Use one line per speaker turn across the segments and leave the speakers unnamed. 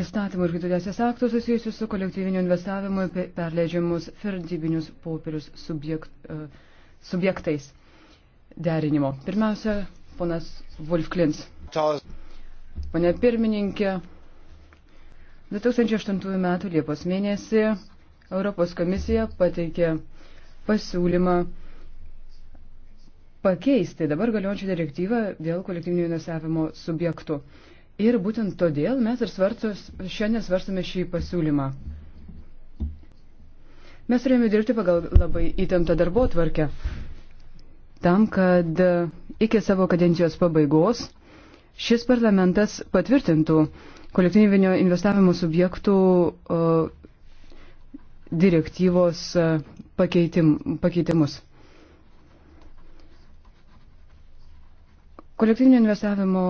įstatymų ir kitų teisės aktų susijusių su kolektyviniu investavimu perleidžiamus firdybinius popierius subjekt, e, subjektais derinimo. Pirmiausia, ponas Wolfklins. Pane pirmininkė, 2008 m. Liepos mėnesį Europos komisija pateikė pasiūlymą pakeisti dabar galiojančią direktyvą dėl kolektyvinio investavimo subjektų. Ir būtent todėl mes ir svarstos, šiandien svarstome šį pasiūlymą. Mes turėjome dirbti pagal labai įtemptą darbo tvarkę, tam, kad iki savo kadencijos pabaigos šis parlamentas patvirtintų kolektyvinio investavimo subjektų direktyvos pakeitim, pakeitimus. Kolektyvinio investavimo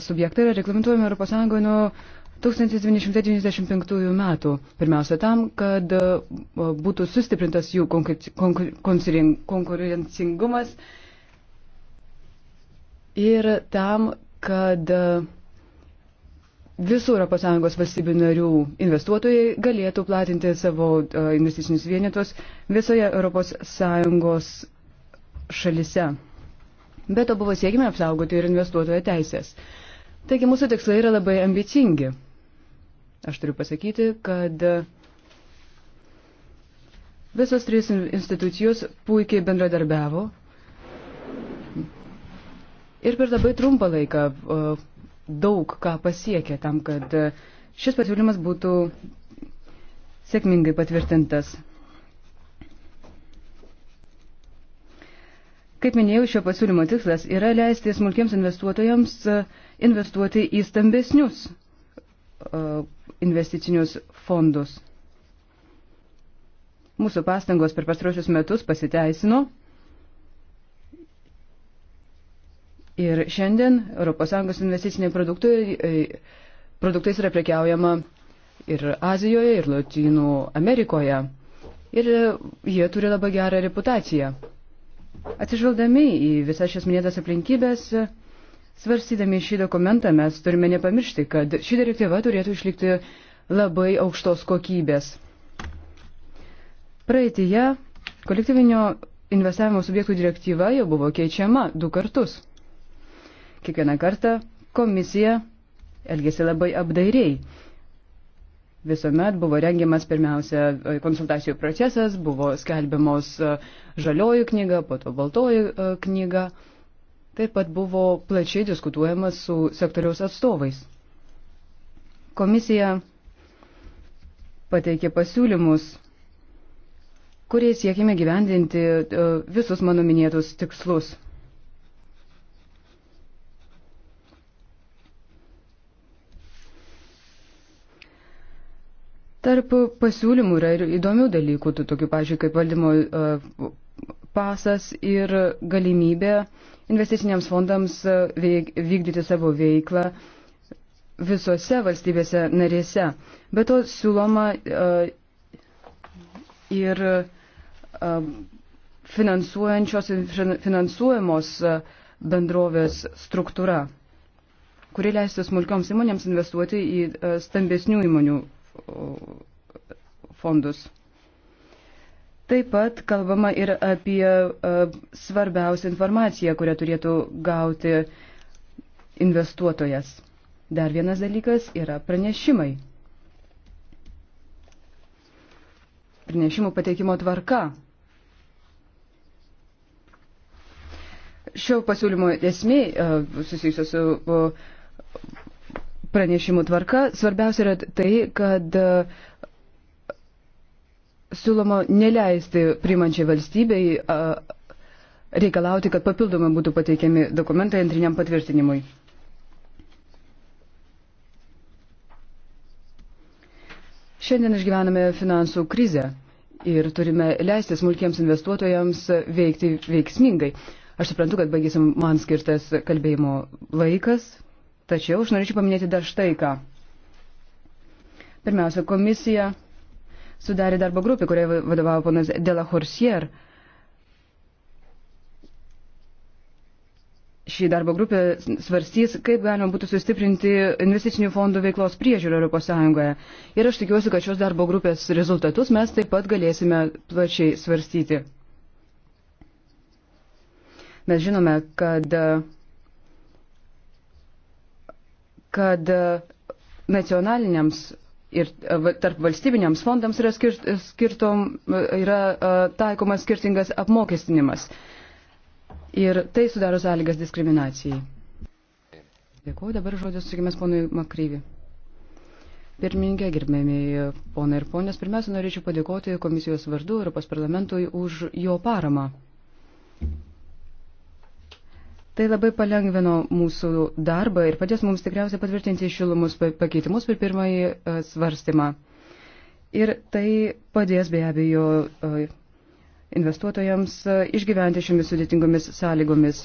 subjektai yra reglamentuojami ES nuo 1995 metų. Pirmiausia tam, kad būtų sustiprintas jų konkurencingumas ir tam, kad visų ES valstybių narių investuotojai galėtų platinti savo investicinius vienetus visoje ES šalise. Be to buvo siekime apsaugoti ir investuotojo teisės. Taigi mūsų tikslai yra labai ambicingi. Aš turiu pasakyti, kad visos trys institucijos puikiai bendradarbiavo ir per labai trumpą laiką daug ką pasiekė tam, kad šis pasiūlymas būtų sėkmingai patvirtintas. Kaip minėjau, šio pasiūlymo tikslas yra leisti smulkiems investuotojams e, investuoti į stambesnius e, investicinius fondus. Mūsų pastangos per pastrosius metus pasiteisino ir šiandien ES investiciniai produktai, e, produktais yra prekiaujama ir Azijoje, ir Latinų Amerikoje. Ir jie turi labai gerą reputaciją. Atsižvelgdami į visas šias minėtas aplinkybės, svarstydami šį dokumentą mes turime nepamiršti, kad ši direktyva turėtų išlikti labai aukštos kokybės. Praeitėje kolektyvinio investavimo subjektų direktyva jau buvo keičiama du kartus. Kiekvieną kartą komisija elgėsi labai apdairiai visuomet buvo rengiamas pirmiausia e, konsultacijų procesas, buvo skelbiamos e, žalioji knyga, po to baltoji e, knyga. Taip pat buvo plačiai diskutuojama su sektoriaus atstovais. Komisija pateikė pasiūlymus, kurie siekime gyvendinti visus mano minėtus tikslus. Tarp pasiūlymų yra ir įdomių dalykų, tų tokių, pažiūrėjau, kaip valdymo e, pasas ir galimybė investiciniams fondams e, vykdyti savo veiklą visose valstybėse narėse. Be to siūloma e, ir finansuojančios, finansuojamos bendrovės struktūra, kuri leistų smulkioms įmonėms investuoti į stambesnių įmonių fondus. Taip pat kalbama ir apie e, svarbiausią informaciją, kurią turėtų gauti investuotojas. Dar vienas dalykas yra pranešimai. Pranešimų pateikimo tvarka. Šio pasiūlymo esmė e, susijusio su e, pranešimų tvarka. Svarbiausia yra tai, kad e, siūloma neleisti primančiai valstybei e, reikalauti, kad papildomai būtų pateikiami dokumentai antriniam patvirtinimui. Šiandien išgyvename finansų krizę ir turime leisti smulkiems investuotojams veikti veiksmingai. Aš suprantu, kad baigėsi man skirtas kalbėjimo laikas. Tačiau aš norėčiau paminėti dar štai ką. Pirmiausia, komisija sudarė darbo grupę, kurioje vadovavo ponas Dela Horsier. Šį darbo grupę svarstys, kaip galima būtų sustiprinti investicinių fondų veiklos priežiūrą Europos Sąjungoje. Ir aš tikiuosi, kad šios darbo grupės rezultatus mes taip pat galėsime plačiai svarstyti. Mes žinome, kad uh, kad e, nacionaliniams ir e, tarp valstybiniams fondams yra, skirt, skirtom, e, yra taikomas skirtingas apmokestinimas. Ir tai sudaro sąlygas diskriminacijai. Dėkuoju, dabar žodis sugimės ponui Makryvi. Pirmininkė, gerbėmiai ponai ir ponės, pirmiausia, norėčiau padėkoti komisijos vardu Europos parlamentui už jo paramą. Tai labai palengvino mūsų darbą ir padės mums tikriausiai patvirtinti šilumus pakeitimus per pirmąjį e, svarstymą. Ir tai padės be abejo e, investuotojams e, išgyventi šiomis sudėtingomis sąlygomis.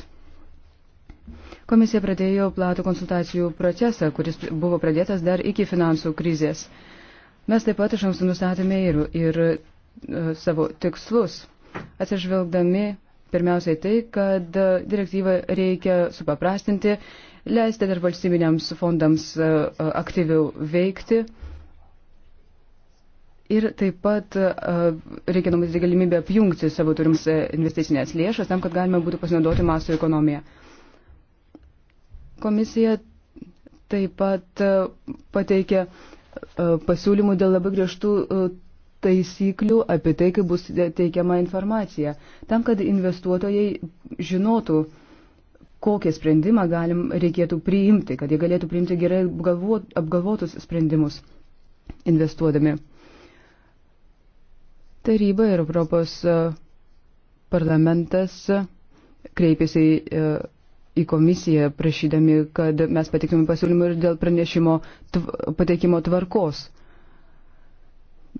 Komisija pradėjo platų konsultacijų procesą, kuris buvo pradėtas dar iki finansų krizės. Mes taip pat iš anksto nustatėme ir, ir savo tikslus, atsižvelgdami Pirmiausiai tai, kad direktyvą reikia supaprastinti, leisti dar valstybiniams fondams e, e, aktyviau veikti. Ir taip pat e, reikia numatyti galimybę apjungti savo turims investicinės lėšas tam, kad galima būtų pasinaudoti masų ekonomiją. Komisija taip pat pateikė pasiūlymų dėl labai griežtų taisyklių apie tai, kaip bus teikiama informacija, tam, kad investuotojai žinotų, kokią sprendimą galim, reikėtų priimti, kad jie galėtų priimti gerai apgalvot, apgalvotus sprendimus investuodami. Taryba ir Europos e, parlamentas e, kreipėsi e, į komisiją prašydami, kad mes pateiktume pasiūlymų ir dėl pranešimo tv pateikimo tvarkos.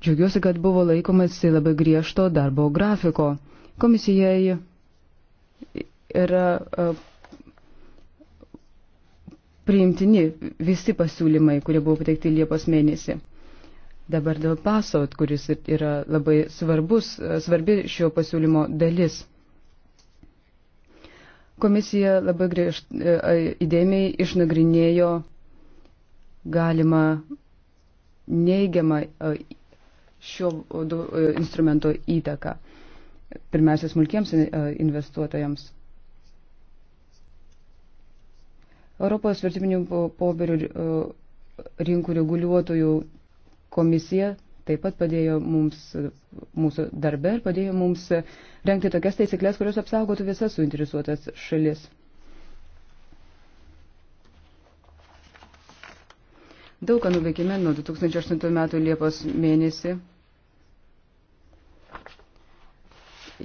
Džiaugiuosi, kad buvo laikomasi labai griežto darbo grafiko. Komisijai yra e, priimtini visi pasiūlymai, kurie buvo pateikti Liepos mėnesį. Dabar dėl paso, kuris yra labai svarbus, e, svarbi šio pasiūlymo dalis. Komisija labai griež, e, įdėmiai išnagrinėjo galimą neigiamą šio e, instrumento įtaką, pirmiausia, smulkiems e, investuotojams. Europos vertybinių poberių e, rinkų reguliuotojų komisija taip pat padėjo mums mūsų darbe ir padėjo mums renkti tokias taisyklės, kurios apsaugotų visas suinteresuotas šalis. Daug ką nuveikėme nuo 2008 metų Liepos mėnesį.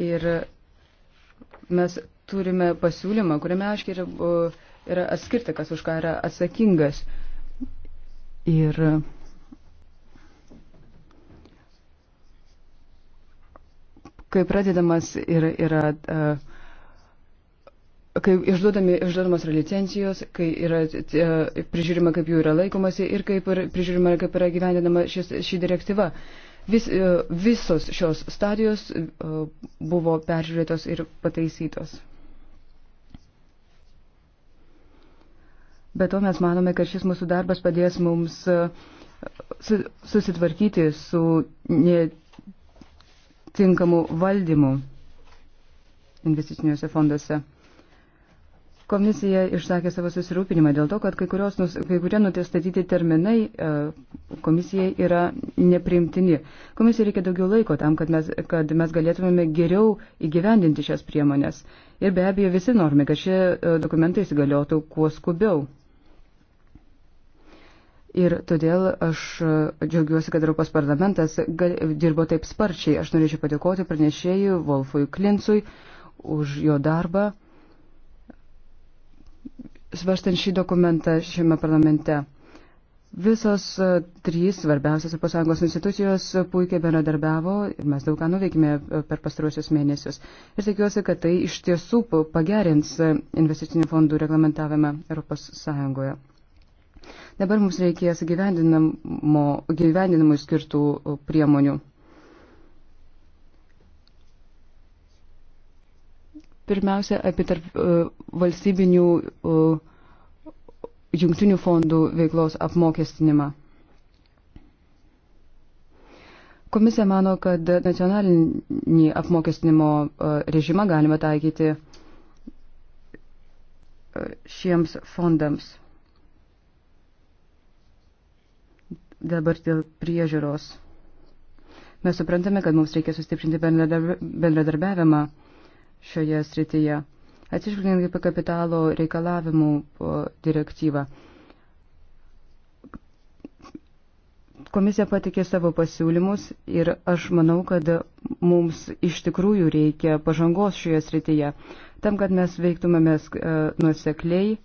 Ir mes turime pasiūlymą, kuriame aiškiai yra, yra atskirta, kas už ką yra atsakingas. Ir kai pradedamas yra, yra uh, kai išduodami, išduodamos yra licencijos, kai yra e, prižiūrima, kaip jų yra laikomasi ir kaip ir, prižiūrima, kaip yra gyvendinama šis, ši direktyva. Vis, e, visos šios stadijos e, buvo peržiūrėtos ir pataisytos. Be to mes manome, kad šis mūsų darbas padės mums susitvarkyti su netinkamu valdymu investiciniuose fonduose. Komisija išsakė savo susirūpinimą dėl to, kad kai, kurios, kai kurie nustatyti terminai e, komisijai yra neprimtini. Komisijai reikia daugiau laiko tam, kad mes, kad mes galėtumėme geriau įgyvendinti šias priemonės. Ir be abejo visi norime, kad šie e, dokumentai įsigaliotų kuo skubiau. Ir todėl aš e, džiaugiuosi, kad Europos parlamentas dirbo taip sparčiai. Aš norėčiau padėkoti pranešėjui Wolfui Klinsui už jo darbą svarstant šį dokumentą šiame parlamente. Visos e, trys svarbiausios ES institucijos puikiai bendradarbiavo ir mes daug ką nuveikėme e, per pastaruosius mėnesius. Ir tikiuosi, kad tai iš tiesų pagerins e, investicinių fondų reglamentavimą ES. Dabar mums reikės gyvendinamų skirtų priemonių. pirmiausia apie tarp e, valstybinių e, jungtinių fondų veiklos apmokestinimą. Komisija mano, kad nacionalinį apmokestinimo e, režimą galima taikyti šiems fondams. Dabar dėl priežiūros. Mes suprantame, kad mums reikia sustiprinti bendradarbiavimą. Bendradarb šioje srityje, atsižvelgiant į kapitalo reikalavimų direktyvą. Komisija patikė savo pasiūlymus ir aš manau, kad mums iš tikrųjų reikia pažangos šioje srityje, tam, kad mes veiktumėmės e, nuosekliai,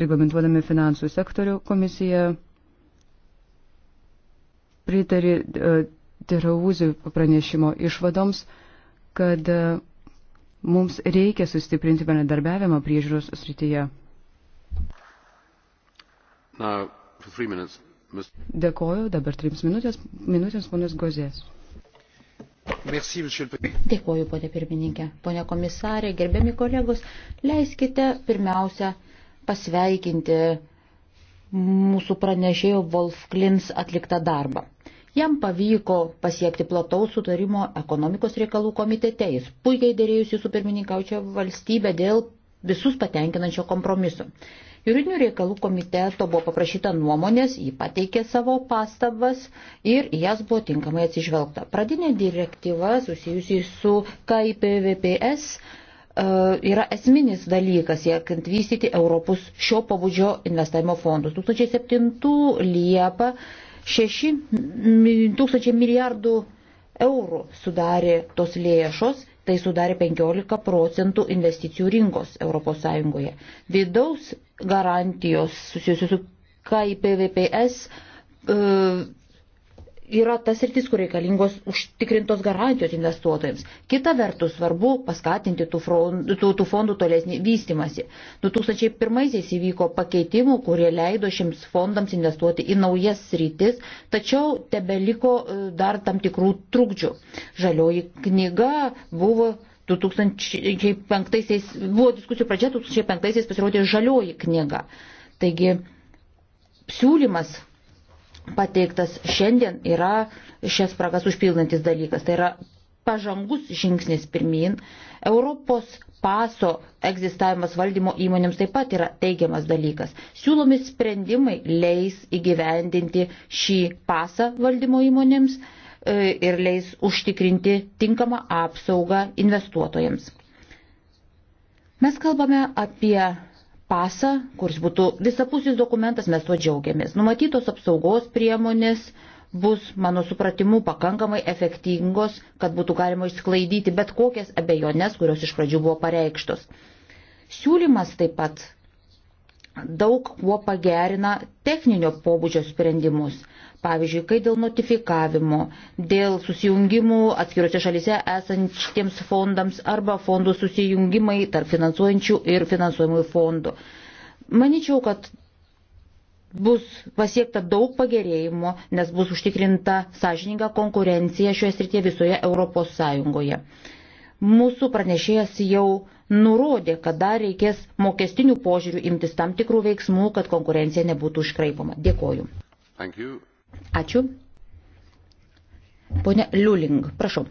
reglamentuodami finansų sektorių, komisija pritarė e, Terauzių pranešimo išvadoms, kad e, Mums reikia sustiprinti bendradarbiavimą priežiūros srityje. Now, minutes, Mr... Dėkoju, dabar trims minutės, minutės ponas Gozės.
Dėkoju, ponė pirmininkė. Pone komisarė, gerbiami kolegos, leiskite pirmiausia pasveikinti mūsų pranešėjo Wolf Klins atliktą darbą. Jam pavyko pasiekti plataus sutarimo ekonomikos reikalų komitete. Jis puikiai dėrėjusi su pirmininkaučia valstybė dėl visus patenkinančio kompromiso. Juridinių reikalų komiteto buvo paprašyta nuomonės, jį pateikė savo pastabas ir jas buvo tinkamai atsižvelgta. Pradinė direktyva susijusi su KIPVPS e, yra esminis dalykas, siekiant vystyti Europos šio pabudžio investavimo fondus. 2007 Liepa 6 tūkstančiai milijardų eurų sudarė tos lėšos, tai sudarė 15 procentų investicijų rinkos ES. Vidaus garantijos susijusios su KIPVPS e, yra tas rytis, kur reikalingos užtikrintos garantijos investuotojams. Kita vertus, svarbu paskatinti tų, frondų, tų, tų fondų tolesnį vystimasi. 2001-aisiais įvyko pakeitimų, kurie leido šiems fondams investuoti į naujas rytis, tačiau tebe liko e, dar tam tikrų trukdžių. Žalioji knyga buvo. 2005 buvo diskusijų pradžia, 2005 pasirodė žalioji knyga. Taigi siūlymas pateiktas šiandien yra šias spragas užpildantis dalykas. Tai yra pažangus žingsnis pirmin. Europos paso egzistavimas valdymo įmonėms taip pat yra teigiamas dalykas. Siūlomi sprendimai leis įgyvendinti šį pasą valdymo įmonėms e, ir leis užtikrinti tinkamą apsaugą investuotojams. Mes kalbame apie pasą, kuris būtų visapusis dokumentas, mes tuo džiaugiamės. Numatytos apsaugos priemonės bus, mano supratimu, pakankamai efektingos, kad būtų galima išsklaidyti bet kokias abejonės, kurios iš pradžių buvo pareikštos. Siūlymas taip pat daug kuo pagerina techninio pobūdžio sprendimus. Pavyzdžiui, kai dėl notifikavimo, dėl susijungimų atskiruose šalise esantiems fondams arba fondų susijungimai tarp finansuojančių ir finansuojamųjų fondų. Maničiau, kad bus pasiekta daug pagerėjimo, nes bus užtikrinta sąžininga konkurencija šioje srityje visoje Europos Sąjungoje. Mūsų pranešėjas jau nurodė, kad dar reikės mokestinių požiūrių imtis tam tikrų veiksmų, kad konkurencija nebūtų iškraipoma. Dėkoju. Thank you. Ačiū. Pone Liuling, prašau.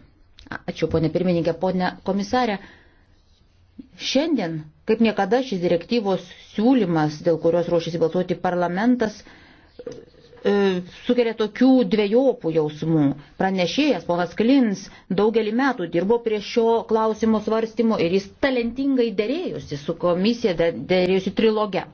Ačiū, ponė pirmininkė, ponė komisarė. Šiandien, kaip niekada, šis direktyvos siūlymas, dėl kurios ruošiasi balsuoti parlamentas, e, sukelia tokių dviejopų jausmų. Pranešėjas, ponas Klins, daugelį metų dirbo prie šio klausimo svarstymo ir jis talentingai dėrėjusi su komisija, dėrėjusi triloge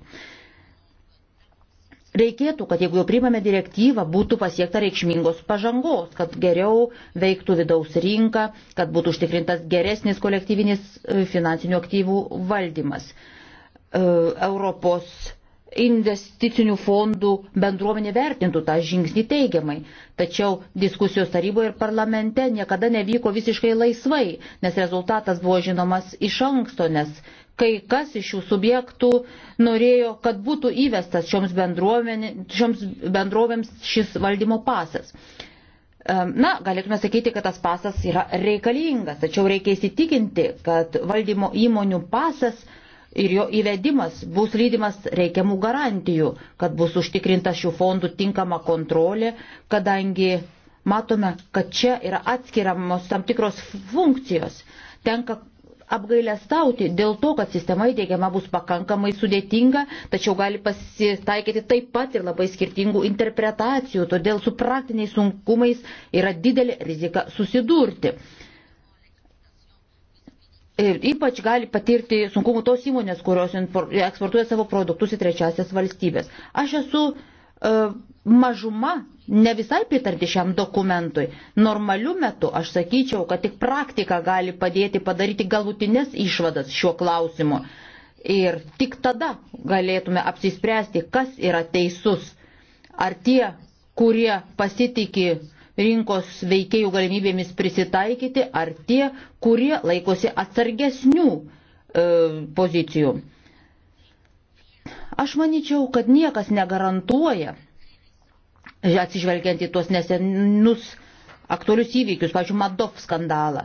reikėtų, kad jeigu jau priimame direktyvą, būtų pasiekta reikšmingos pažangos, kad geriau veiktų vidaus rinka, kad būtų užtikrintas geresnis kolektyvinis e, finansinių aktyvų valdymas. E, Europos investicinių fondų bendruomenė vertintų tą žingsnį teigiamai. Tačiau diskusijos taryboje ir parlamente niekada nevyko visiškai laisvai, nes rezultatas buvo žinomas iš anksto, nes kai kas iš šių subjektų norėjo, kad būtų įvestas šioms, šioms bendrovėms šis valdymo pasas. Na, galėtume sakyti, kad tas pasas yra reikalingas, tačiau reikia įsitikinti, kad valdymo įmonių pasas ir jo įvedimas bus lydimas reikiamų garantijų, kad bus užtikrinta šių fondų tinkama kontrolė, kadangi matome, kad čia yra atskiriamos tam tikros funkcijos. Tenka apgailestauti dėl to, kad sistema įdėgiama bus pakankamai sudėtinga, tačiau gali pasitaikyti taip pat ir labai skirtingų interpretacijų, todėl su praktiniais sunkumais yra didelė rizika susidurti. Ir ypač gali patirti sunkumų tos įmonės, kurios eksportuoja savo produktus į trečiasias valstybės. Aš esu E, mažuma ne visai pritarti šiam dokumentui. Normaliu metu aš sakyčiau, kad tik praktika gali padėti padaryti galutinės išvadas šiuo klausimu. Ir tik tada galėtume apsispręsti, kas yra teisus. Ar tie, kurie pasitikė rinkos veikėjų galimybėmis prisitaikyti, ar tie, kurie laikosi atsargesnių e, pozicijų. Aš manyčiau, kad niekas negarantuoja, atsižvelgiant į tuos nesenus aktualius įvykius, pažiūrėjau, Madov skandalą,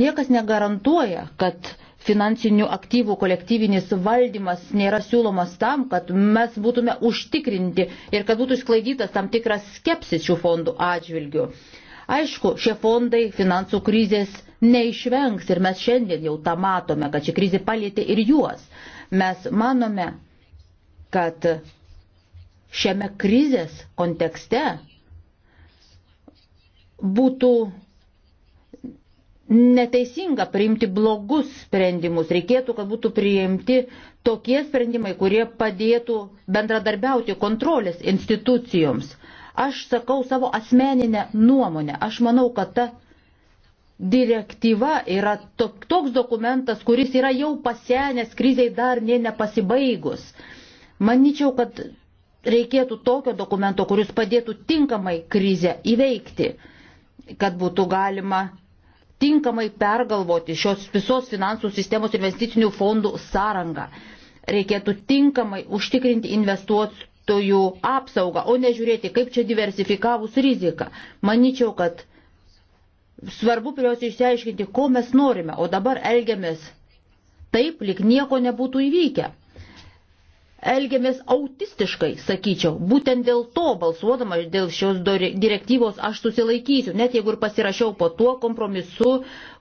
niekas negarantuoja, kad finansinių aktyvų kolektyvinis valdymas nėra siūlomas tam, kad mes būtume užtikrinti ir kad būtų išklaidytas tam tikras skepsis šių fondų atžvilgių. Aišku, šie fondai finansų krizės neišvengs ir mes šiandien jau tą matome, kad ši krizė palėtė ir juos. Mes manome, kad šiame krizės kontekste būtų neteisinga priimti blogus sprendimus. Reikėtų, kad būtų priimti tokie sprendimai, kurie padėtų bendradarbiauti kontrolės institucijoms. Aš sakau savo asmeninę nuomonę. Aš manau, kad ta direktyva yra toks dokumentas, kuris yra jau pasenęs kriziai dar nie nepasibaigus. Manyčiau, kad reikėtų tokio dokumento, kuris padėtų tinkamai krizę įveikti, kad būtų galima tinkamai pergalvoti šios visos finansų sistemos investicinių fondų sąrangą. Reikėtų tinkamai užtikrinti investuotojų apsaugą, o nežiūrėti, kaip čia diversifikavus riziką. Manyčiau, kad svarbu pirmiausia išsiaiškinti, ko mes norime, o dabar elgiamės taip, lik nieko nebūtų įvykę elgiamės autistiškai, sakyčiau. Būtent dėl to, balsuodama dėl šios direktyvos, aš susilaikysiu, net jeigu ir pasirašiau po tuo kompromisu,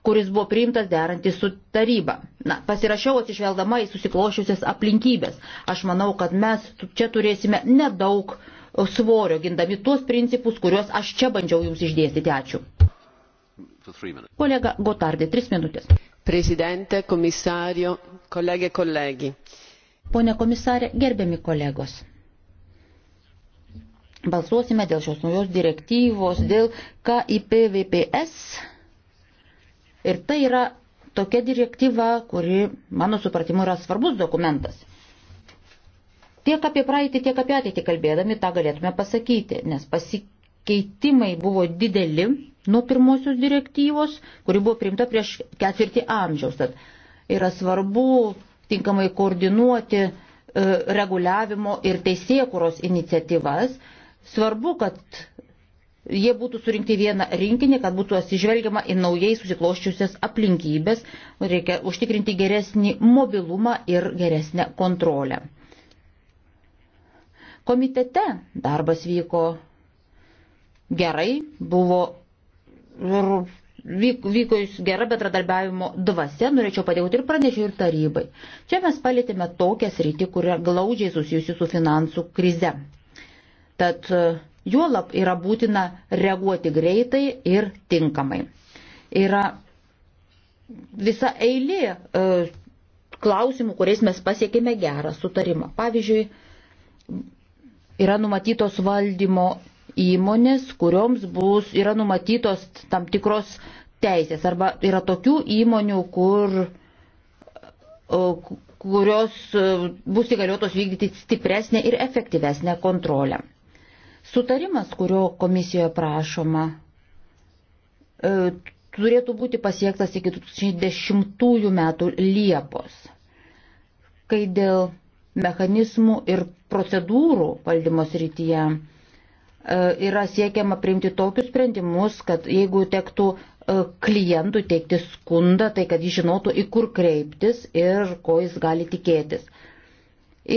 kuris buvo priimtas derantis su taryba. Na, pasirašiau atsižvelgdama į susiklošiusias aplinkybės. Aš manau, kad mes čia turėsime nedaug svorio, gindami tuos principus, kuriuos aš čia bandžiau jums išdėstyti. Ačiū. Kolega Gotardė, tris minutės. Prezidente, komisario,
kolegė, kolegi.
E kolegi Pone komisarė, gerbiami kolegos. Balsuosime dėl šios naujos direktyvos, dėl KIPVPS. Ir tai yra tokia direktyva, kuri, mano supratimu, yra svarbus dokumentas. Tiek apie praeitį, tiek apie ateitį kalbėdami tą galėtume pasakyti, nes pasikeitimai buvo dideli nuo pirmosios direktyvos, kuri buvo priimta prieš ketvirtį amžiaus. Tad yra svarbu tinkamai koordinuoti e, reguliavimo ir teisėkuros iniciatyvas. Svarbu, kad jie būtų surinkti vieną rinkinį, kad būtų atsižvelgiama į naujai susikloščiusias aplinkybės, reikia užtikrinti geresnį mobilumą ir geresnę kontrolę. Komitete darbas vyko gerai, buvo vyko gera bedradarbiavimo dvasia, norėčiau padėkoti ir pranešiu ir tarybai. Čia mes palėtėme tokią sritį, kuria glaudžiai susijusi su finansų krize. Tad e, juolap yra būtina reaguoti greitai ir tinkamai. Yra visa eilė e, klausimų, kuriais mes pasiekėme gerą sutarimą. Pavyzdžiui, yra numatytos valdymo įmonės, kurioms bus, yra numatytos tam tikros teisės. Arba yra tokių įmonių, kur, kurios bus įgaliotos vykdyti stipresnę ir efektyvesnę kontrolę. Sutarimas, kurio komisijoje prašoma, e, turėtų būti pasiektas iki 2010 metų Liepos, kai dėl mechanizmų ir procedūrų valdymos rytyje E, yra siekiama priimti tokius sprendimus, kad jeigu tektų e, klientų teikti skundą, tai kad jis žinotų, į kur kreiptis ir ko jis gali tikėtis.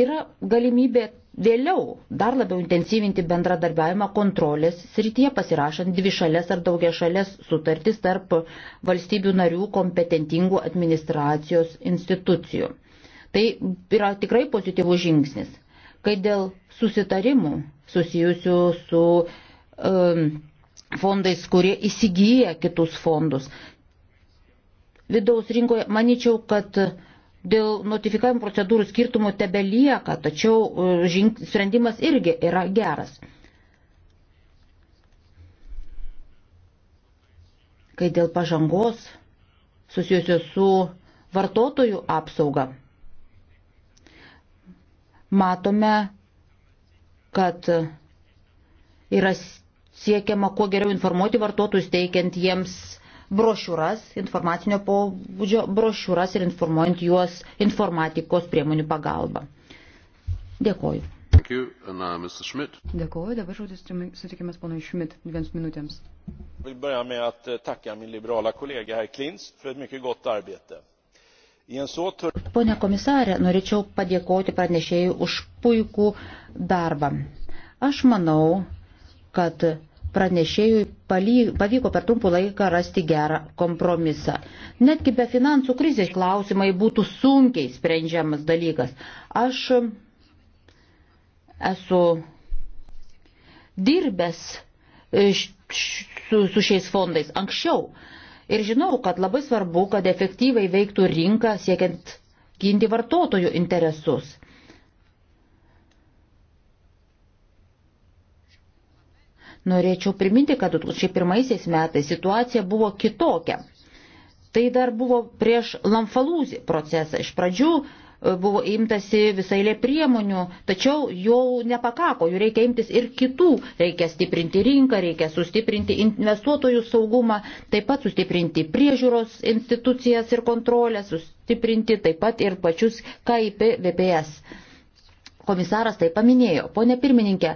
Yra galimybė vėliau dar labiau intensyvinti bendradarbiavimą kontrolės srityje, pasirašant dvi šalės ar daugia šalės sutartis tarp valstybių narių kompetentingų administracijos institucijų. Tai yra tikrai pozityvų žingsnis kai dėl susitarimų susijusių su um, fondais, kurie įsigyja kitus fondus. Vidaus rinkoje manyčiau, kad dėl notifikavimo procedūrų skirtumų tebe lieka, tačiau e, žink, sprendimas irgi yra geras. Kai dėl pažangos susijusios su vartotojų apsauga matome, kad yra siekiama kuo geriau informuoti vartotojus, teikiant jiems brošiūras, informacinio pobūdžio brošiūras ir informuojant juos informatikos priemonių pagalba. Dėkoju. Uh, Dėkoju, dabar žodis sutikimas ponui Šmit dviems minutėms.
Jag vill börja med att eh, tacka min liberala kollega herr Klins för ett mycket gott arbete.
Pone komisarė, norėčiau padėkoti pranešėjai už puikų darbą. Aš manau, kad pranešėjui pavyko per trumpų laiką rasti gerą kompromisą. Netgi be finansų krizės klausimai būtų sunkiai sprendžiamas dalykas. Aš esu dirbęs e, su, su šiais fondais anksčiau Ir žinau, kad labai svarbu, kad efektyviai veiktų rinka siekiant ginti vartotojų interesus. Norėčiau priminti, kad 2001 metais situacija buvo kitokia. Tai dar buvo prieš Lamfalūzį procesą. Iš pradžių buvo imtasi visai lė priemonių, tačiau jau nepakako, jų reikia imtis ir kitų. Reikia stiprinti rinką, reikia sustiprinti investuotojų saugumą, taip pat sustiprinti priežiūros institucijas ir kontrolę, sustiprinti taip pat ir pačius KIP VPS. Komisaras tai paminėjo. Pone pirmininkė,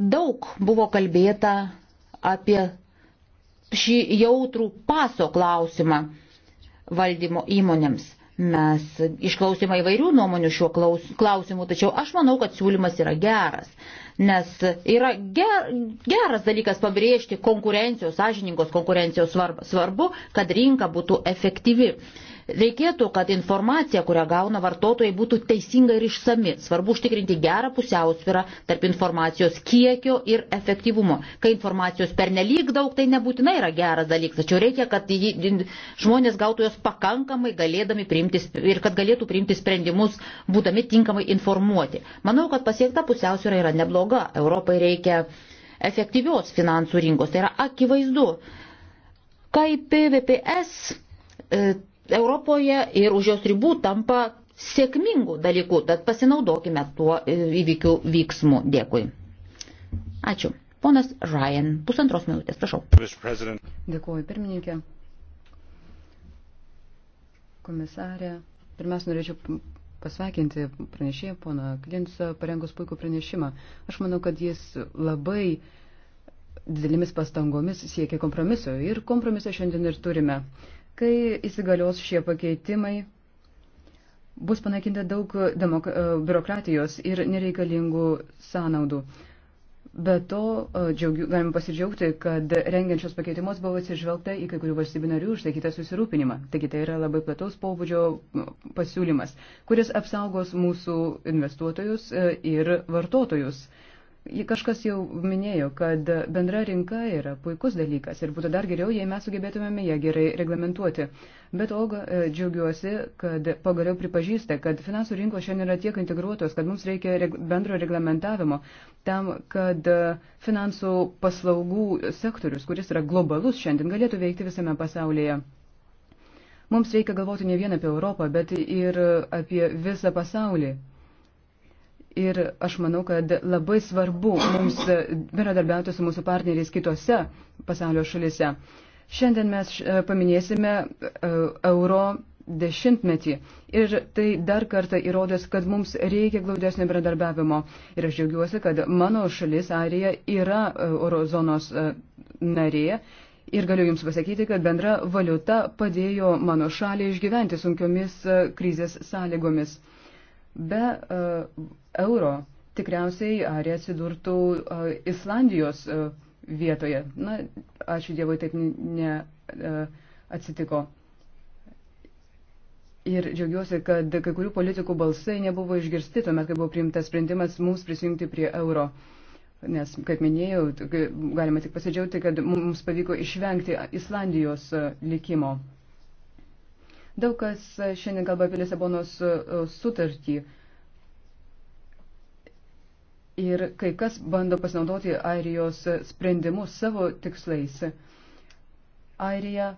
daug buvo kalbėta apie šį jautrų paso klausimą valdymo įmonėms. Mes išklausėme įvairių nuomonių šiuo klausimu, tačiau aš manau, kad siūlymas yra geras. Nes yra ger, geras dalykas pabrėžti konkurencijos, sąžiningos konkurencijos svarbu, kad rinka būtų efektyvi. Reikėtų, kad informacija, kurią gauna vartotojai, būtų teisinga ir išsami. Svarbu užtikrinti gerą pusiausvyrą tarp informacijos kiekio ir efektyvumo. Kai informacijos pernelyg daug, tai nebūtinai yra geras dalykas, tačiau reikia, kad žmonės gautų jos pakankamai galėdami priimti ir kad galėtų priimti sprendimus, būdami tinkamai informuoti. Manau, kad pasiekta pusiausvyrą yra nebloga. Europai reikia efektyvios finansų rinkos. Tai yra akivaizdu. Kai PVPS e, Europoje ir už jos ribų tampa sėkmingų dalykų, tad pasinaudokime tuo e, įvykių vyksmu. Dėkui. Ačiū. Ponas Ryan, pusantros minutės, prašau. Dėkuoju, pirmininkė. Komisarė, pirmiausia,
norėčiau pasveikinti pranešėją, poną Klinsą, parengus puikų pranešimą. Aš manau, kad jis labai didelėmis pastangomis siekia kompromiso ir kompromisą šiandien ir turime. Uh, Kai įsigalios šie pakeitimai, bus panaikinta daug demok... E, biurokratijos ir nereikalingų sąnaudų. Be to, e, džiaugiu, galim pasidžiaugti, kad rengiančios pakeitimus buvo atsižvelgta į kai kurių valstybių narių užsakytą susirūpinimą. Taigi tai yra labai plataus pobūdžio pasiūlymas, kuris apsaugos mūsų investuotojus e, ir vartotojus Kažkas jau minėjo, kad bendra rinka yra puikus dalykas ir būtų dar geriau, jei mes sugebėtumėme ją gerai reglamentuoti. Bet Olga e, džiaugiuosi, kad pagaliau pripažįsta, kad finansų rinkos šiandien yra tiek integruotos, kad mums reikia bendro reglamentavimo tam, kad e, finansų paslaugų sektorius, kuris yra globalus šiandien, galėtų veikti visame pasaulyje. Mums reikia galvoti ne vien apie Europą, bet ir apie visą pasaulį. Ir aš manau, kad labai svarbu mums bendradarbiauti su mūsų partneriais kitose pasaulio šalise. Šiandien mes e, paminėsime e, euro dešimtmetį ir tai dar kartą įrodės, kad mums reikia glaudesnio bendradarbiavimo. Ir aš džiaugiuosi, kad mano šalis Airija yra e, eurozonos narė. Ir galiu Jums pasakyti, kad bendra valiuta padėjo mano šaliai išgyventi sunkiomis krizės sąlygomis. Be uh, euro, tikriausiai Arija atsidurtų Islandijos vietoje. Na, ačiū Dievui, taip neatsitiko. Ir džiaugiuosi, kad kai kurių politikų balsai nebuvo išgirsti tuomet, kai buvo priimtas sprendimas mums prisijungti prie euro. Nes, kaip minėjau, galima tik pasidžiaugti, kad mums pavyko išvengti Islandijos likimo. Daug kas šiandien kalba apie Lisabonos sutartį ir kai kas bando pasinaudoti Airijos sprendimus savo tikslais. Airija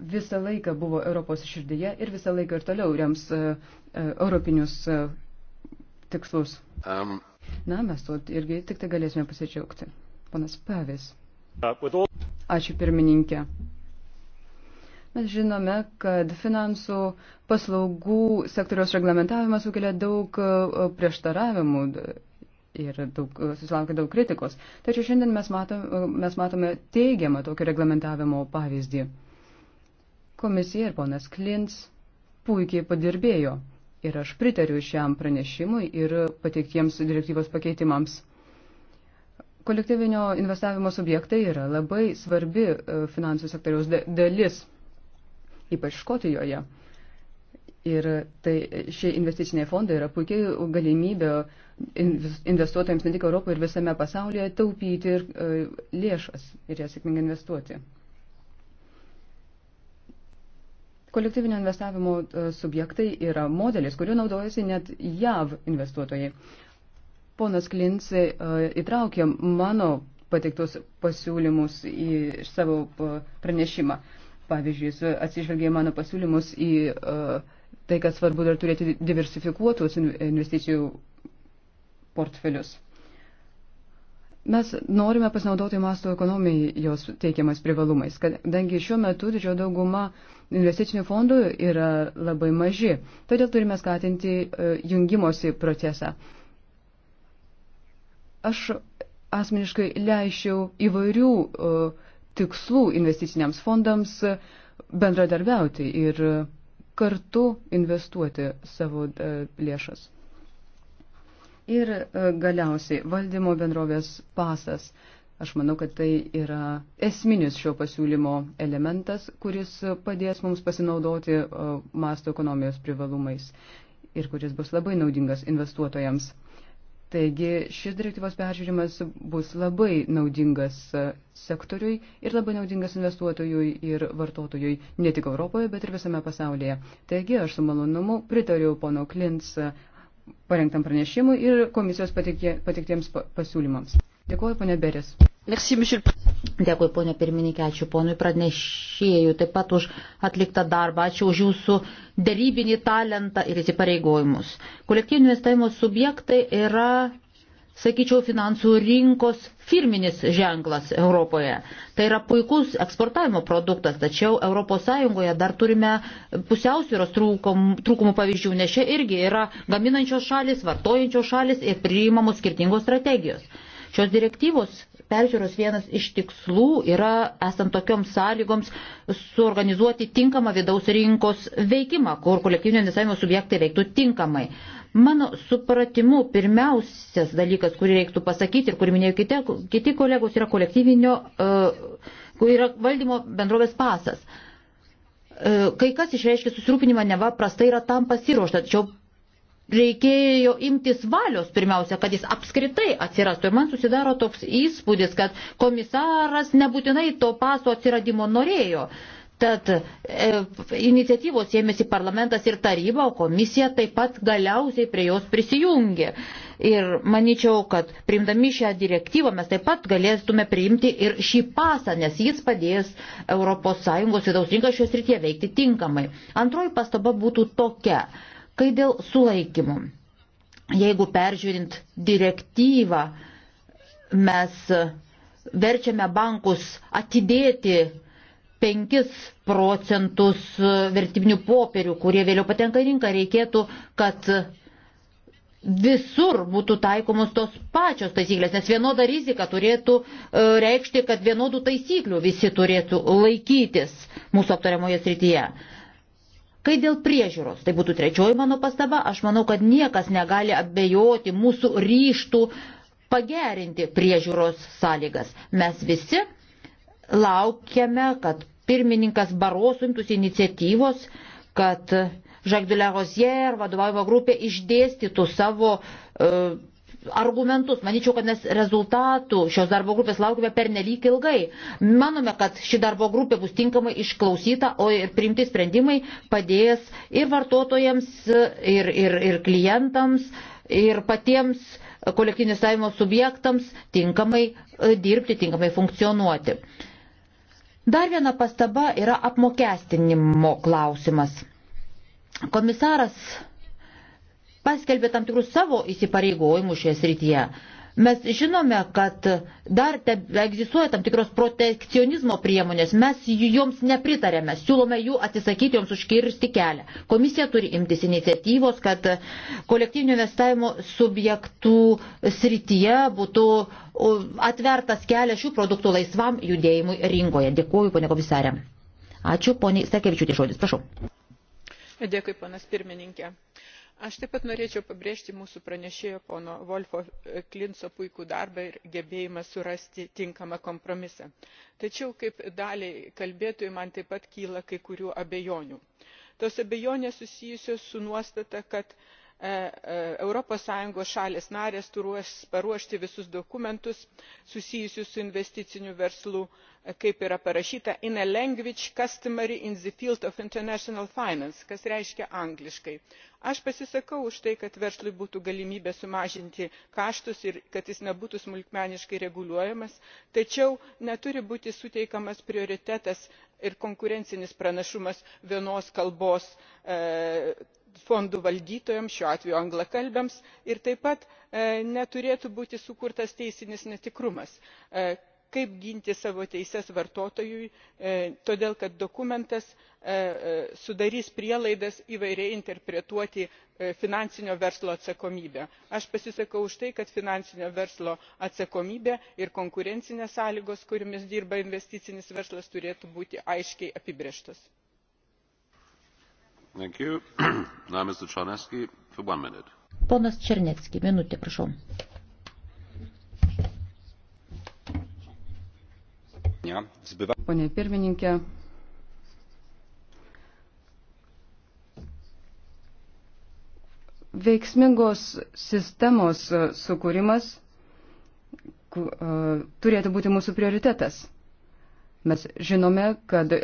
visą laiką buvo Europos širdyje ir visą laiką ir toliau rems uh, uh, europinius uh, tikslus. Um. Na, mes to irgi tik tai galėsime pasidžiaugti. Panas Pavis. Uh, Ačiū pirmininkė. Mes žinome, kad finansų paslaugų sektoriaus reglamentavimas sukelia daug prieštaravimų ir daug, susilaukė daug kritikos. Tačiau šiandien mes matome, mes matome teigiamą tokio reglamentavimo pavyzdį. Komisija ir ponas Klins puikiai padirbėjo ir aš pritariu šiam pranešimui ir pateiktiems direktyvos pakeitimams. Kolektyvinio investavimo subjektai yra labai svarbi e, finansų sektoriaus dalis, ypač Škotijoje. Ir tai šie investiciniai fondai yra puikiai galimybė investuotojams ne tik Europoje ir visame pasaulyje taupyti ir e, lėšas ir jas sėkmingai investuoti. Kolektyvinio investavimo e, subjektai yra modelis, kuriuo naudojasi net JAV investuotojai. Ponas Klins e, įtraukė mano pateiktus pasiūlymus į savo pranešimą. Pavyzdžiui, jis atsižvelgė mano pasiūlymus į uh, Tai, kad svarbu dar turėti diversifikuotus investicijų portfelius. Mes norime pasinaudoti masto ekonomijos teikiamais privalumais, kadangi šiuo metu didžio dauguma investicinių fondų yra labai maži. Todėl turime skatinti e, jungimosi procesą. Aš asmeniškai leišiau įvairių e, tikslų investiciniams fondams e, bendradarbiauti ir kartu investuoti savo e, lėšas. Ir e, galiausiai valdymo bendrovės pasas. Aš manau, kad tai yra esminis šio pasiūlymo elementas, kuris padės mums pasinaudoti e, masto ekonomijos privalumais ir kuris bus labai naudingas investuotojams. Taigi šis direktyvos peržiūrimas bus labai naudingas e, sektoriui ir labai naudingas investuotojui ir vartotojui ne tik Europoje, bet ir visame pasaulyje. Taigi aš su malonumu pritariu pono Klins e, parengtam pranešimui ir komisijos patiktiems pasiūlymams.
Dėkuoju, ponė Beris. Merci, monsieur le président. Dėkui, ponė pirmininkė, ačiū ponui pranešėjui, taip pat už atliktą darbą, ačiū už jūsų darybinį talentą ir įsipareigojimus. Kolektyvinio investavimo subjektai yra, sakyčiau, finansų rinkos firminis ženklas Europoje. Tai yra puikus eksportavimo produktas, tačiau ES dar turime pusiausvyros trūkumų, trūkumų pavyzdžių, nes čia irgi yra gaminančios šalis, vartojančios šalis ir priimamos skirtingos strategijos. Šios direktyvos peržiūros vienas iš tikslų yra, esant tokioms sąlygoms, suorganizuoti tinkamą vidaus rinkos veikimą, kur kolektyvinio investavimo subjektai veiktų tinkamai. Mano supratimu, pirmiausias dalykas, kurį reiktų pasakyti ir kurį minėjo kiti, kiti kolegos, yra kolektyvinio, uh, yra valdymo bendrovės pasas. Uh, kai kas išreiškia susirūpinimą, neva prastai yra tam pasiruošta, tačiau reikėjo imtis valios pirmiausia, kad jis apskritai atsirastų. Ir man susidaro toks įspūdis, kad komisaras nebūtinai to paso atsiradimo norėjo. Tad e, iniciatyvos ėmėsi parlamentas ir taryba, o komisija taip pat galiausiai prie jos prisijungė. Ir manyčiau, kad priimdami šią direktyvą mes taip pat galėtume priimti ir šį pasą, nes jis padės ES vidaus rinką šios rytie veikti tinkamai. Antroji pastaba būtų tokia. Kai dėl sulaikymų, jeigu peržiūrint direktyvą, mes verčiame bankus atidėti 5 procentus vertybinių popierių, kurie vėliau patenka į rinką, reikėtų, kad visur būtų taikomos tos pačios taisyklės, nes vienoda rizika turėtų e, reikšti, kad vienodų taisyklių visi turėtų laikytis mūsų aptariamoje srityje. Kai dėl priežiūros, tai būtų trečioji mano pastaba, aš manau, kad niekas negali abejoti mūsų ryštų pagerinti priežiūros sąlygas. Mes visi laukiame, kad pirmininkas Barosintus iniciatyvos, kad Jacques de la Rosière vadovaujama grupė išdėstytų savo uh, argumentus. Manyčiau, kad mes rezultatų šios darbo grupės laukime per nelik ilgai. Manome, kad ši darbo grupė bus tinkamai išklausyta, o ir priimti sprendimai padės ir vartotojams, ir, ir, ir klientams, ir patiems kolektyvinio savimo subjektams tinkamai e, dirbti, tinkamai funkcionuoti. Dar viena pastaba yra apmokestinimo klausimas. Komisaras paskelbė tam tikrus savo įsipareigojimus šioje srityje. Mes žinome, kad dar te egzistuoja tam tikros protekcionizmo priemonės, mes joms nepritarėme, siūlome jų atsisakyti, joms užkirsti kelią. Komisija turi imtis iniciatyvos, kad kolektyvinio investavimo subjektų srityje būtų atvertas kelias šių produktų laisvam judėjimui rinkoje. Dėkuoju, ponė komisarė. Ačiū, ponė Stekevičiūtė, žodis, prašau.
Dėkui, ponas pirmininkė aš taip pat norėčiau pabrėžti mūsų pranešėjo pono wolfo e, klinzo puikų darbą ir gebėjimą surasti tinkamą kompromisą tačiau kaip daliai kalbėtojų man taip pat kyla kai kurių abejonių. tos abejonės susijusios su nuostata kad e, e, europos sąjungos šalys narės turės paruošti visus dokumentus susijusius su investiciniu verslu kaip yra parašyta in a language customary in the field of international finance kas reiškia angliškai. aš pasisakau už tai kad verslui būtų galimybė sumažinti kaštus ir kad jis nebūtų smulkmeniškai reguliuojamas tačiau neturi būti suteikiamas prioritetas ir konkurencinis pranašumas vienos kalbos e, fondų valdytojams šiuo atveju anglakalbiams ir taip pat e, neturėtų būti sukurtas teisinis netikrumas. E, kaip ginti savo teises vartotojui e, todėl kad dokumentas e, e, sudarys prielaidas įvairiai interpretuoti finansinio verslo atsakomybę. aš pasisakau už tai kad finansinio verslo atsakomybė ir konkurencinės sąlygos kuriomis dirba investicinis verslas turėtų būti aiškiai apibrėžtos.
ponas czarnecki minutė prašau.
dnia zbywa...
Pone pirmininkė,
veiksmingos sistemos e, sukūrimas e, turėtų būti mūsų prioritetas. Mes žinome, kad e,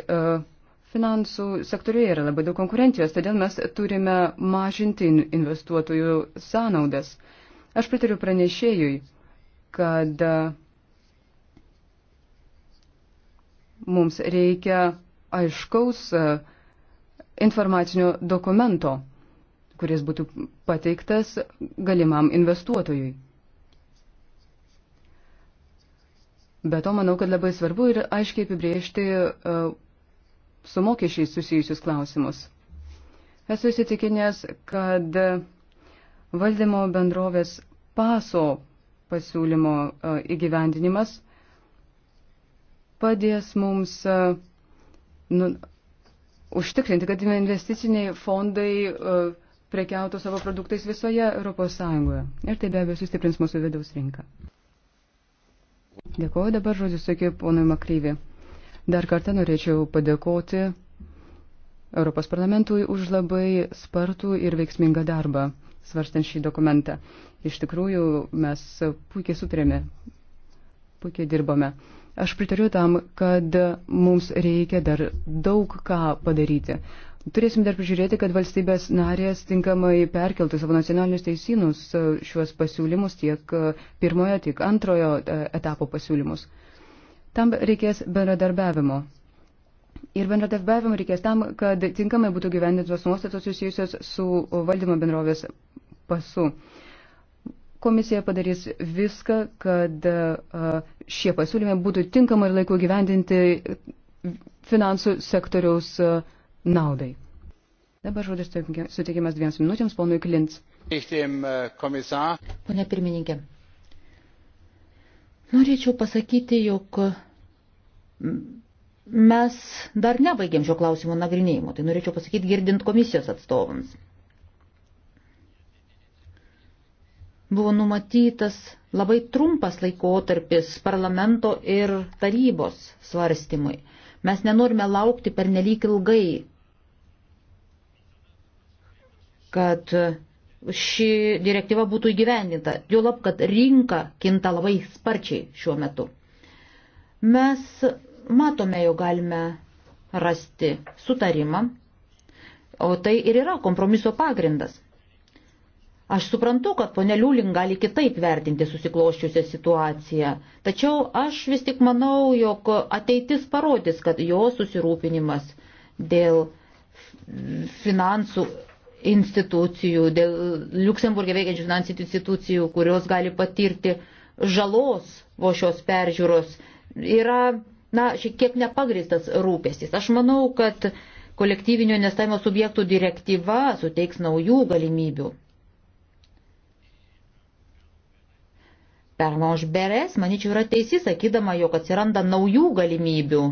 finansų sektoriuje yra labai daug konkurencijos, todėl mes turime mažinti investuotojų sąnaudas. Aš pritariu pranešėjui, kad uh, mums reikia aiškaus e, informacinio dokumento, kuris būtų pateiktas galimam investuotojui. Be to, manau, kad labai svarbu ir aiškiai apibriežti e, su mokesčiais susijusius klausimus. Esu įsitikinęs, kad valdymo bendrovės paso pasiūlymo e, įgyvendinimas padės mums e, nu, užtikrinti, kad investiciniai fondai uh, prekiautų savo produktais visoje Europos Sąjungoje. Ir tai be abejo sustiprins mūsų vidaus rinką. Dėkuoju dabar žodžius, sakė ponui Makryvi. Dar kartą norėčiau padėkoti Europos parlamentui už labai spartų ir veiksmingą darbą, svarstant šį dokumentą. Iš tikrųjų, mes puikiai sutrėmė, puikiai dirbome. Aš pritariu tam, kad mums reikia dar daug ką padaryti. Turėsim dar prižiūrėti, kad valstybės narės tinkamai perkeltų savo nacionalinius teisynus e, šiuos pasiūlymus tiek e, pirmojo, tiek antrojo e, etapo pasiūlymus. Tam reikės bendradarbiavimo. Ir bendradarbiavimo reikės tam, kad tinkamai būtų gyvendintos nuostatos susijusios su valdymo bendrovės pasu. Komisija padarys viską, kad šie pasiūlymai būtų tinkamai ir laiku gyvendinti finansų sektoriaus naudai. Dabar žodis sutikimas dviems minutėms ponui Klins.
Pone
pirmininkė, norėčiau pasakyti, jog mes dar nebaigėm šio klausimo nagrinėjimo. Tai norėčiau pasakyti girdint komisijos atstovams. buvo numatytas labai trumpas laikotarpis parlamento ir tarybos svarstymui. Mes nenorime laukti per nelik ilgai, kad ši direktyva būtų įgyvendinta, jo lab, kad rinka kinta labai sparčiai šiuo metu. Mes matome, jau galime rasti sutarimą, o tai ir yra kompromiso pagrindas. Aš suprantu, kad ponė Liulin gali kitaip vertinti susikloščiusią situaciją, tačiau aš vis tik manau, jog ateitis parodys, kad jo susirūpinimas dėl finansų institucijų, dėl Luksemburgė veikiančių finansinių institucijų, kurios gali patirti žalos po šios peržiūros, yra, na, šiek tiek nepagristas rūpestis. Aš manau, kad kolektyvinio nestavimo subjektų direktyva suteiks naujų galimybių Pervanš Beres, manyčiau, yra teisi, sakydama, jog atsiranda naujų galimybių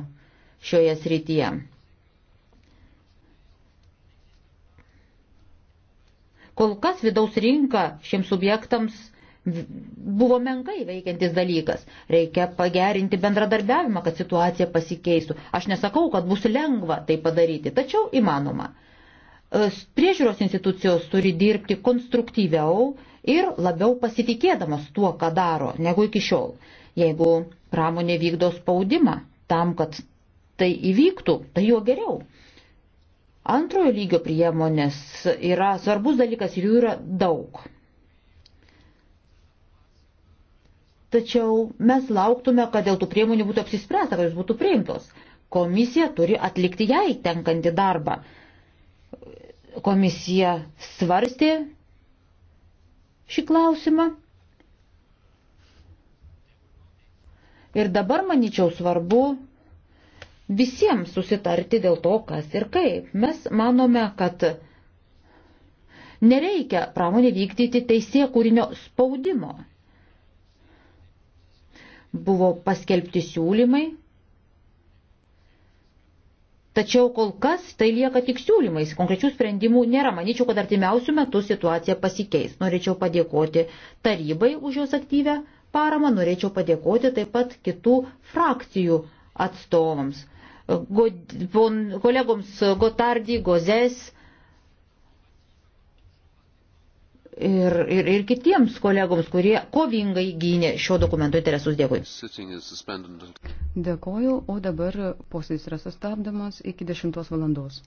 šioje srityje. Kol kas vidaus rinka šiems subjektams buvo menkai veikiantis dalykas. Reikia pagerinti bendradarbiavimą, kad situacija pasikeistų. Aš nesakau, kad bus lengva tai padaryti, tačiau įmanoma. E, priežiūros institucijos turi dirbti konstruktyviau, ir labiau pasitikėdamas tuo, ką daro, negu iki šiol. Jeigu pramonė vykdo spaudimą tam, kad tai įvyktų, tai jo geriau. Antrojo lygio priemonės yra svarbus dalykas ir jų yra daug. Tačiau mes lauktume, kad dėl tų priemonių būtų apsispręsta, kad jos būtų priimtos. Komisija turi atlikti jai tenkantį darbą. Komisija svarstė šį klausimą. Ir dabar, manyčiau, svarbu visiems susitarti dėl to, kas ir kaip. Mes manome, kad nereikia pramonė vykdyti teisė kūrinio spaudimo. Buvo paskelbti siūlymai, Tačiau kol kas tai lieka tik siūlymais, konkrečių sprendimų nėra. Manyčiau, kad artimiausių metų situacija pasikeis. Norėčiau padėkoti tarybai už jos aktyvę paramą, norėčiau padėkoti taip pat kitų frakcijų atstovams, God, pon, kolegoms Gotardį, Gozės, ir, ir, ir kitiems kolegoms, kurie kovingai gynė šio dokumento interesus. Dėkui. Dėkoju, o dabar posėdis yra sustabdomas iki
10 valandos.